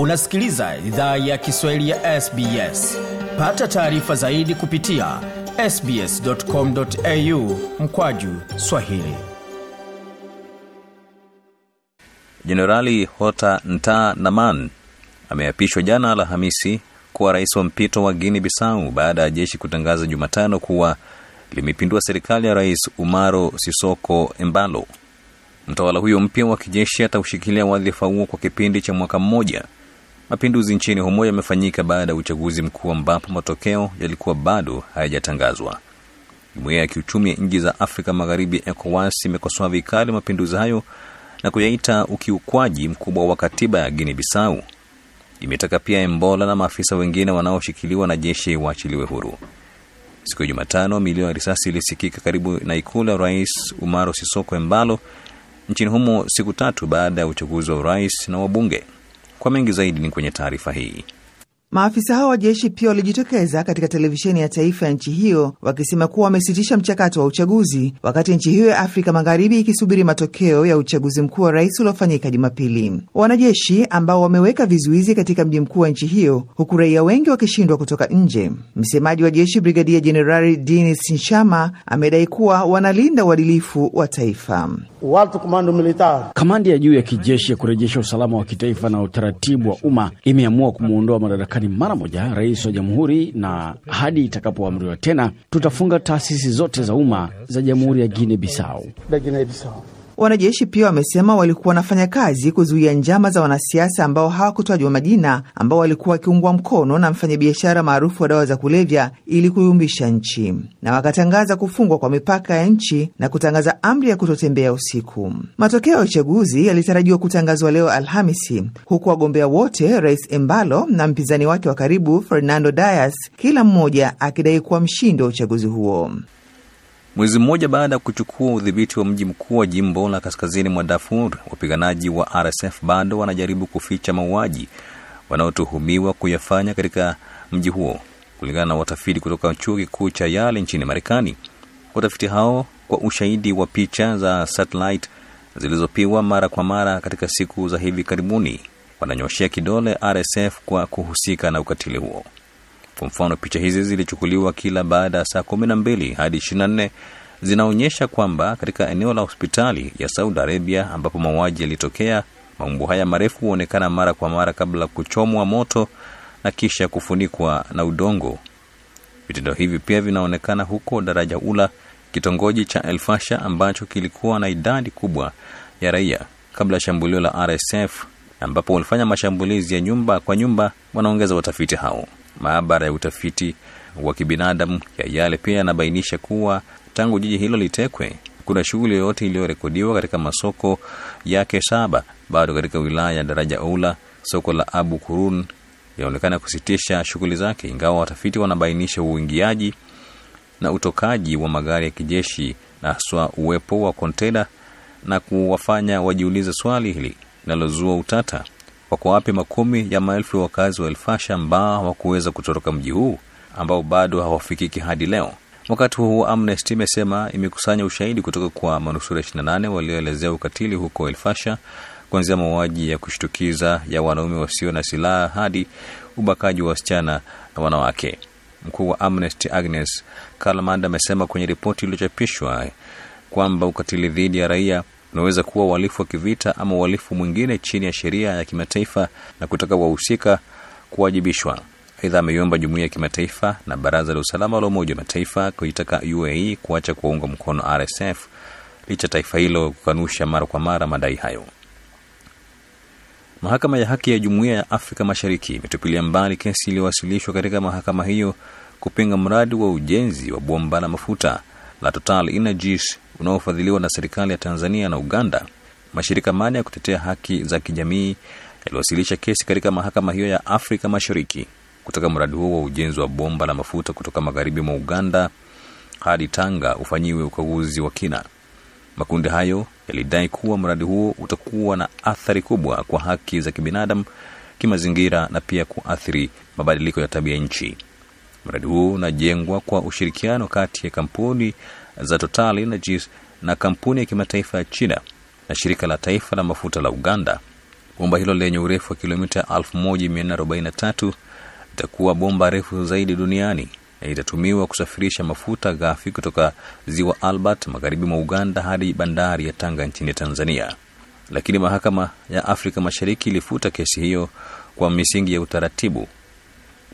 unasikiliza idhaa ya kiswahili ya sbs pata taarifa zaidi kupitia sbscomau mkwaju swahili jenerali hota nta naman ameapishwa jana alhamisi kuwa rais wa mpito wa guini bisau baada ya jeshi kutangaza jumatano kuwa limepindua serikali ya rais umaro sisoko embalo mtawala huyo mpya wa kijeshi ataushikilia wadhifa huo kwa kipindi cha mwaka mmoja Mapinduzi nchini humo yamefanyika baada ya uchaguzi mkuu ambapo matokeo yalikuwa bado hayajatangazwa. Jumuiya ya kiuchumi ya nchi za Afrika Magharibi, ECOWAS, imekosoa vikali mapinduzi hayo na kuyaita ukiukwaji mkubwa wa katiba ya Guinea Bissau. Imetaka pia Embola na maafisa wengine wanaoshikiliwa na jeshi waachiliwe huru. Siku ya Jumatano, milio ya risasi ilisikika karibu na ikulu ya rais Umaro Sisoko Embalo nchini humo siku tatu baada ya uchaguzi wa urais na wabunge. Kwa mengi zaidi ni kwenye taarifa hii. Maafisa hao wa jeshi pia walijitokeza katika televisheni ya taifa ya nchi hiyo wakisema kuwa wamesitisha mchakato wa uchaguzi, wakati nchi hiyo ya Afrika Magharibi ikisubiri matokeo ya uchaguzi mkuu wa rais uliofanyika Jumapili. Wanajeshi ambao wameweka vizuizi katika mji mkuu wa nchi hiyo, huku raia wengi wakishindwa kutoka nje. Msemaji wa jeshi Brigadia Jenerali Denis Nshama amedai kuwa wanalinda uadilifu wa taifa. Kamandi ya juu ya kijeshi ya kurejesha usalama wa kitaifa na utaratibu wa umma imeamua kumwondoa madarakani hadi mara moja rais wa jamhuri, na hadi itakapoamriwa tena, tutafunga taasisi zote za umma za jamhuri ya Guinea Bissau. Wanajeshi pia wamesema walikuwa wanafanya kazi kuzuia njama za wanasiasa ambao hawakutajwa majina, ambao walikuwa wakiungwa mkono na mfanyabiashara maarufu wa dawa za kulevya ili kuyumbisha nchi, na wakatangaza kufungwa kwa mipaka ya nchi na kutangaza amri ya kutotembea usiku. Matokeo ya uchaguzi yalitarajiwa kutangazwa leo Alhamisi, huku wagombea wote, Rais Embalo na mpinzani wake wa karibu Fernando Dias, kila mmoja akidai kuwa mshindi wa uchaguzi huo. Mwezi mmoja baada ya kuchukua udhibiti wa mji mkuu wa jimbo la kaskazini mwa Darfur, wapiganaji wa RSF bado wanajaribu kuficha mauaji wanaotuhumiwa kuyafanya katika mji huo, kulingana na watafiti kutoka chuo kikuu cha Yale nchini Marekani. Watafiti hao kwa ushahidi wa picha za satellite zilizopiwa mara kwa mara katika siku za hivi karibuni wananyoshea kidole RSF kwa kuhusika na ukatili huo. Kwa mfano, picha hizi zilichukuliwa kila baada ya saa kumi na mbili hadi ishirini na nne zinaonyesha kwamba katika eneo la hospitali ya Saudi Arabia ambapo mauaji yalitokea, maumbu haya marefu huonekana mara kwa mara kabla kuchomwa moto na kisha kufunikwa na udongo. Vitendo hivi pia vinaonekana huko Daraja Ula, kitongoji cha Elfasha ambacho kilikuwa na idadi kubwa ya raia kabla ya shambulio la RSF, ambapo walifanya mashambulizi ya nyumba kwa nyumba, wanaongeza watafiti hao. Maabara ya utafiti wa kibinadamu ya Yale pia yanabainisha kuwa tangu jiji hilo litekwe, kuna shughuli yoyote iliyorekodiwa katika masoko yake saba. Bado katika wilaya ya Daraja Oula, soko la Abu Kurun inaonekana kusitisha shughuli zake, ingawa watafiti wanabainisha uingiaji na utokaji wa magari ya kijeshi na haswa uwepo wa kontena na kuwafanya wajiulize swali hili linalozua utata wako wapi makumi ya maelfu ya wakazi wa Elfasha ambao hawakuweza kutoroka mji huu ambao bado hawafikiki hadi leo? Wakati huo huo, Amnesty imesema imekusanya ushahidi kutoka kwa manusura 28 walioelezea ukatili huko Elfasha, kuanzia mauaji ya kushtukiza ya wanaume wasio na silaha hadi ubakaji wa wasichana na wanawake. Mkuu wa Amnesty Agnes Callamand amesema kwenye ripoti iliyochapishwa kwamba ukatili dhidi ya raia unaweza kuwa uhalifu wa kivita ama uhalifu mwingine chini ya sheria ya kimataifa na kutaka wahusika kuwajibishwa. Aidha, ameiomba jumuia ya kimataifa na baraza la usalama la Umoja wa Mataifa kuitaka UAE kuacha kuwaunga mkono RSF licha taifa hilo kukanusha mara kwa mara madai hayo. Mahakama ya Haki ya Jumuiya ya Afrika Mashariki imetupilia mbali kesi iliyowasilishwa katika mahakama hiyo kupinga mradi wa ujenzi wa bomba la mafuta la Total Energies unaofadhiliwa na serikali ya Tanzania na Uganda, mashirika mane ya kutetea haki za kijamii yaliwasilisha kesi katika mahakama hiyo ya Afrika Mashariki kutaka mradi huo wa ujenzi wa bomba la mafuta kutoka magharibi mwa Uganda hadi Tanga ufanyiwe ukaguzi wa kina. Makundi hayo yalidai kuwa mradi huo utakuwa na athari kubwa kwa haki za kibinadamu, kimazingira na pia kuathiri mabadiliko ya tabia nchi. Mradi huu unajengwa kwa ushirikiano kati ya kampuni za Total Energies na kampuni ya kimataifa ya China na shirika la taifa la mafuta la Uganda. Bomba hilo lenye urefu wa kilomita 1443 litakuwa bomba refu zaidi duniani na itatumiwa kusafirisha mafuta ghafi kutoka ziwa Albert magharibi mwa Uganda hadi bandari ya Tanga nchini Tanzania. Lakini mahakama ya Afrika Mashariki ilifuta kesi hiyo kwa misingi ya utaratibu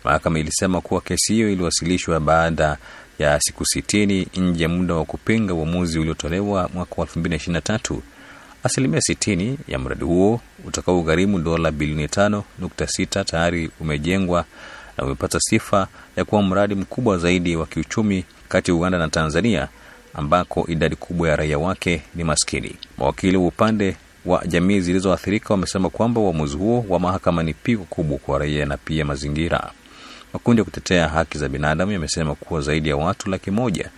Mahakama ilisema kuwa kesi hiyo iliwasilishwa baada ya siku sitini nje ya muda wa kupinga uamuzi uliotolewa mwaka wa elfu mbili na ishirini na tatu. Asilimia sitini ya mradi huo utakaogharimu dola bilioni tano nukta sita tayari umejengwa na umepata sifa ya kuwa mradi mkubwa zaidi wa kiuchumi kati ya Uganda na Tanzania ambako idadi kubwa ya raia wake ni maskini. Mawakili wa upande wa jamii zilizoathirika wamesema kwamba uamuzi huo wa mahakama ni pigo kubwa kwa raia na pia mazingira. Makundi ya kutetea haki za binadamu yamesema kuwa zaidi ya watu laki moja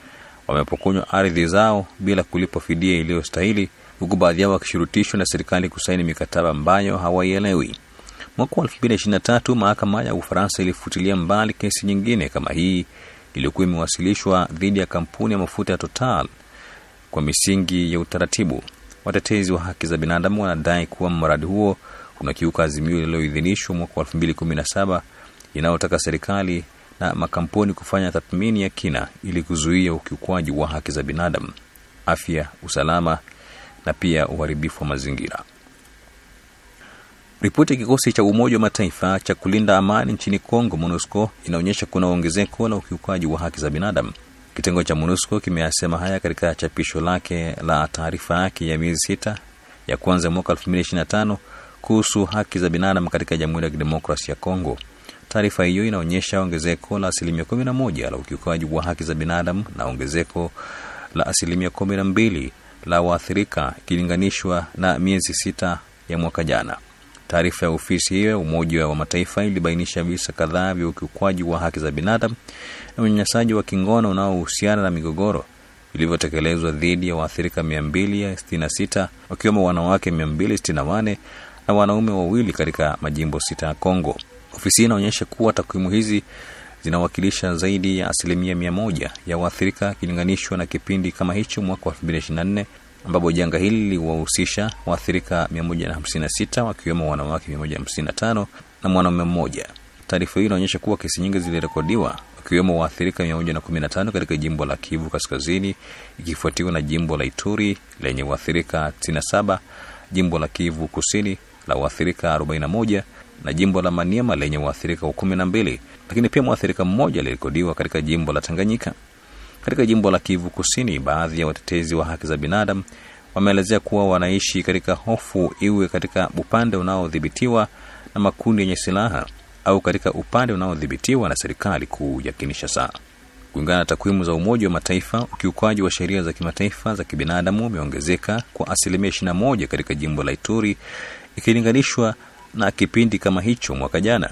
wamepokonywa ardhi zao bila kulipwa fidia iliyostahili, huku baadhi yao wakishurutishwa na serikali kusaini mikataba ambayo hawaielewi. Mwaka wa 2023 mahakama ya Ufaransa ilifutilia mbali kesi nyingine kama hii iliyokuwa imewasilishwa dhidi ya kampuni ya mafuta ya Total kwa misingi ya utaratibu. Watetezi wa haki za binadamu wanadai kuwa mradi huo unakiuka azimio lililoidhinishwa mwaka wa 2017 inayotaka serikali na makampuni kufanya tathmini ya kina ili kuzuia ukiukwaji wa haki za binadamu, afya, usalama na pia uharibifu wa mazingira. Ripoti ya kikosi cha Umoja wa Mataifa cha kulinda amani nchini congo MONUSCO, inaonyesha kuna ongezeko la ukiukaji wa haki za binadamu. Kitengo cha MONUSCO kimeyasema haya katika chapisho lake la taarifa yake ya miezi sita ya kwanza mwaka 2025 kuhusu haki za binadamu katika Jamhuri ya kidemokrasi ya congo Taarifa hiyo inaonyesha ongezeko la asilimia 11 la ukiukaji wa haki za binadamu na ongezeko la asilimia 12 la waathirika ikilinganishwa na miezi sita ya mwaka jana. Taarifa ya ofisi hiyo ya Umoja wa Mataifa ilibainisha visa kadhaa vya ukiukwaji wa haki za binadamu na unyanyasaji wa kingono unaohusiana na migogoro vilivyotekelezwa dhidi ya waathirika 266 wakiwemo wanawake 268 na wanaume wawili katika majimbo sita ya Kongo. Ofisi hii inaonyesha kuwa takwimu hizi zinawakilisha zaidi ya asilimia mia moja ya waathirika ikilinganishwa na kipindi kama hicho mwaka wa 2024 ambapo janga hili liliwahusisha waathirika 156 wakiwemo wanawake 155 na mwanaume mmoja. Taarifa hii inaonyesha kuwa kesi nyingi zilirekodiwa wakiwemo waathirika 115 katika jimbo la Kivu Kaskazini, ikifuatiwa na jimbo la Ituri lenye waathirika 97, jimbo la Kivu Kusini la waathirika 41 na jimbo la Maniema lenye waathirika wa kumi na mbili, lakini pia mwathirika mmoja alirekodiwa katika jimbo la Tanganyika. Katika jimbo la Kivu Kusini, baadhi ya watetezi wa haki za binadamu wameelezea kuwa wanaishi katika hofu, iwe katika upande unaodhibitiwa na makundi yenye silaha au katika upande unaodhibitiwa na serikali kuu ya Kinshasa. Kulingana na takwimu za Umoja wa Mataifa, ukiukaji wa sheria za kimataifa za kibinadamu umeongezeka kwa asilimia 21 katika jimbo la Ituri ikilinganishwa na kipindi kama hicho mwaka jana.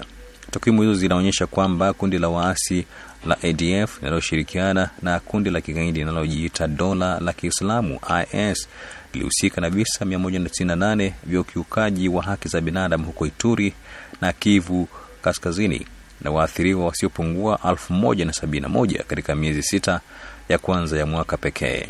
Takwimu hizo zinaonyesha kwamba kundi la waasi la ADF linaloshirikiana na kundi la kigaidi linalojiita dola la Kiislamu IS lilihusika na visa 198 vya ukiukaji wa haki za binadamu huko Ituri na Kivu Kaskazini na waathiriwa wasiopungua 1071 katika miezi sita ya kwanza ya mwaka pekee.